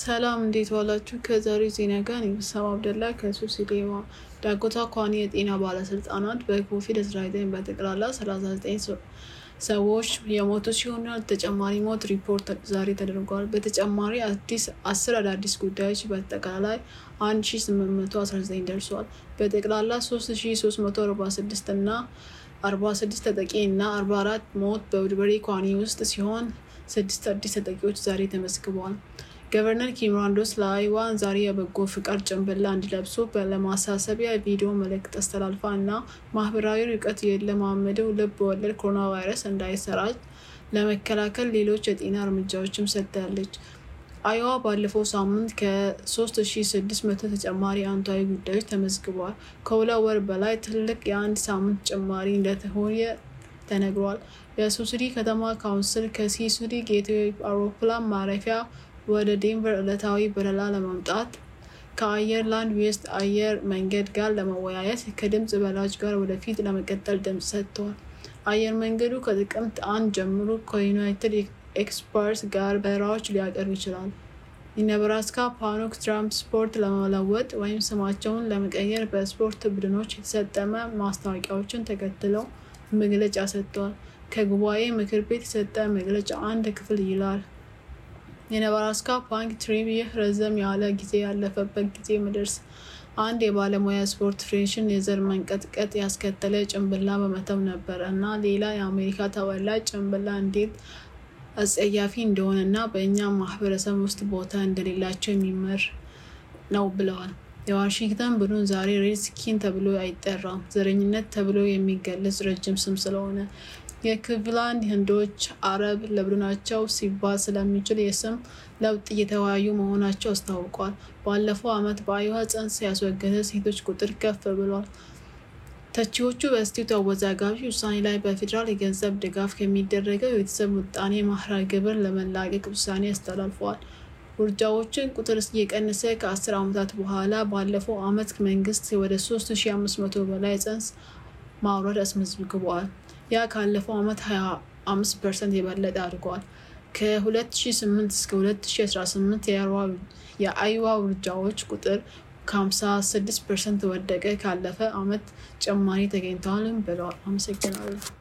ሰላም እንዴት ዋላችሁ? ከዛሬው ዜና ጋር እኔ ብሰማ አብደላ ከሱስ ዲማ። ዳጎታ ኳኒ የጤና ባለስልጣናት በኮቪድ-19 በጠቅላላ 39 ሰዎች የሞቱ ሲሆን ተጨማሪ ሞት ሪፖርት ዛሬ ተደርጓል። በተጨማሪ አዲስ አስር አዳዲስ ጉዳዮች በአጠቃላይ 1819 ደርሷል። በጠቅላላ 3346 እና 46 ተጠቂ እና 44 ሞት በውድበሬ ኳኒ ውስጥ ሲሆን ስድስት አዲስ ተጠቂዎች ዛሬ ተመዝግበዋል። ገቨርነር ኪምራንዶስ ለአይዋ ዛሬ የበጎ ፍቃድ ጭንብላ እንዲለብሱ ለማሳሰቢያ ቪዲዮ መልእክት አስተላልፋ እና ማህበራዊ ርቀት የለማመደው ልብ ወለድ ኮሮና ቫይረስ እንዳይሰራጭ ለመከላከል ሌሎች የጤና እርምጃዎችም ሰጥታለች። አይዋ ባለፈው ሳምንት ከ3600 ተጨማሪ አንቷዊ ጉዳዮች ተመዝግቧል። ከሁለት ወር በላይ ትልቅ የአንድ ሳምንት ጭማሪ እንደሆነ ተነግሯል። የሱስሪ ከተማ ካውንስል ከሲሱዲ ጌትዌይ አውሮፕላን ማረፊያ ወደ ዴንቨር ዕለታዊ በረራ ለማምጣት ከአየርላንድ ዌስት አየር መንገድ ጋር ለመወያየት ከድምፅ በላጅ ጋር ወደፊት ለመቀጠል ድምፅ ሰጥተዋል። አየር መንገዱ ከጥቅምት አንድ ጀምሮ ከዩናይትድ ኤክስፐርስ ጋር በረራዎች ሊያቀርብ ይችላል። የነብራስካ ፓኖክ ትራንስፖርት ለመለወጥ ወይም ስማቸውን ለመቀየር በስፖርት ቡድኖች የተሰጠመ ማስታወቂያዎችን ተከትለው መግለጫ ሰጥተዋል። ከጉባኤ ምክር ቤት የሰጠ መግለጫ አንድ ክፍል ይላል የነባራስካ ፓንክ ትሪም ይህ ረዘም ያለ ጊዜ ያለፈበት ጊዜ ምድርስ አንድ የባለሙያ ስፖርት ፌዴሬሽን የዘር መንቀጥቀጥ ያስከተለ ጭንብላ በመተብ ነበር እና ሌላ የአሜሪካ ተወላጅ ጭንብላ እንዴት አስጸያፊ እንደሆነ እና በእኛ ማህበረሰብ ውስጥ ቦታ እንደሌላቸው የሚመር ነው ብለዋል። የዋሽንግተን ቡድን ዛሬ ሬድ ስኪን ተብሎ አይጠራም፣ ዘረኝነት ተብሎ የሚገለጽ ረጅም ስም ስለሆነ የክልቭላንድ ህንዶች አረብ ለቡድናቸው ሲባል ስለሚችል የስም ለውጥ እየተወያዩ መሆናቸው አስታውቋል። ባለፈው ዓመት በአይዋ ጽንስ ያስወገደ ሴቶች ቁጥር ከፍ ብሏል። ተቺዎቹ በስቴቱ አወዛጋቢ ውሳኔ ላይ በፌዴራል የገንዘብ ድጋፍ ከሚደረገው የቤተሰብ ምጣኔ ማህራ ግብር ለመላቀቅ ውሳኔ አስተላልፈዋል። ውርጃዎችን ቁጥር እየቀነሰ ከ10 ዓመታት በኋላ ባለፈው ዓመት መንግስት ወደ 3500 በላይ ጽንስ ማውረድ አስመዝግቧል። ያ ካለፈው ዓመት 25 ፐርሰንት የበለጠ አድገዋል። ከ2008 እስከ 2018 የአይዋ ውርጃዎች ቁጥር ከ56 ፐርሰንት ወደቀ። ካለፈ ዓመት ጭማሪ ተገኝተዋልም ብለዋል። አመሰግናለሁ።